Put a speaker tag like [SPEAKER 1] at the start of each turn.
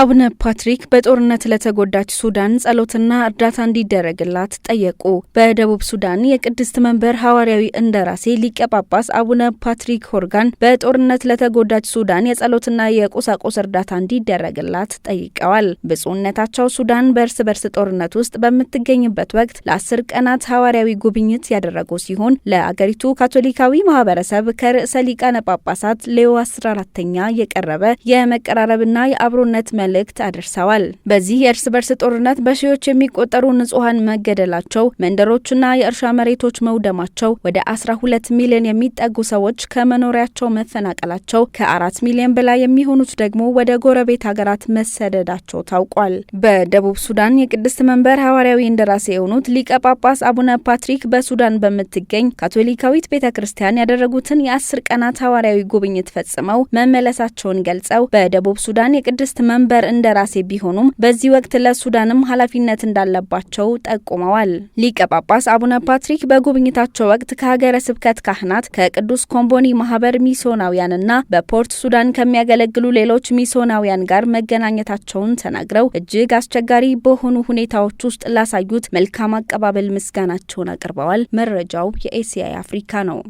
[SPEAKER 1] አቡነ ፓትሪክ በጦርነት ለተጎዳች ሱዳን ጸሎትና እርዳታ እንዲደረግላት ጠየቁ። በደቡብ ሱዳን የቅድስት መንበር ሐዋርያዊ እንደራሴ ሊቀ ጳጳስ አቡነ ፓትሪክ ሆርጋን በጦርነት ለተጎዳች ሱዳን የጸሎትና የቁሳቁስ እርዳታ እንዲደረግላት ጠይቀዋል። ብፁዕነታቸው ሱዳን በእርስ በርስ ጦርነት ውስጥ በምትገኝበት ወቅት ለአስር ቀናት ሐዋርያዊ ጉብኝት ያደረጉ ሲሆን ለአገሪቱ ካቶሊካዊ ማህበረሰብ ከርዕሰ ሊቃነ ጳጳሳት ሌዮ 14 ተኛ የቀረበ የመቀራረብና የአብሮነት መልእክት አድርሰዋል። በዚህ የእርስ በርስ ጦርነት በሺዎች የሚቆጠሩ ንጹሐን መገደላቸው፣ መንደሮችና የእርሻ መሬቶች መውደማቸው፣ ወደ 12 ሚሊዮን የሚጠጉ ሰዎች ከመኖሪያቸው መፈናቀላቸው፣ ከአራት ሚሊዮን በላይ የሚሆኑት ደግሞ ወደ ጎረቤት ሀገራት መሰደዳቸው ታውቋል። በደቡብ ሱዳን የቅድስት መንበር ሐዋርያዊ እንደራሴ የሆኑት ሊቀ ጳጳስ አቡነ ፓትሪክ በሱዳን በምትገኝ ካቶሊካዊት ቤተ ክርስቲያን ያደረጉትን የአስር ቀናት ሐዋርያዊ ጉብኝት ፈጽመው መመለሳቸውን ገልጸው በደቡብ ሱዳን የቅድስት መንበር ድንበር እንደራሴ ቢሆኑም በዚህ ወቅት ለሱዳንም ኃላፊነት እንዳለባቸው ጠቁመዋል። ሊቀ ጳጳስ አቡነ ፓትሪክ በጉብኝታቸው ወቅት ከሀገረ ስብከት ካህናት፣ ከቅዱስ ኮምቦኒ ማህበር ሚሶናውያንና በፖርት ሱዳን ከሚያገለግሉ ሌሎች ሚሶናውያን ጋር መገናኘታቸውን ተናግረው እጅግ አስቸጋሪ በሆኑ ሁኔታዎች ውስጥ ላሳዩት መልካም አቀባበል ምስጋናቸውን አቅርበዋል። መረጃው የኤሲአይ አፍሪካ ነው።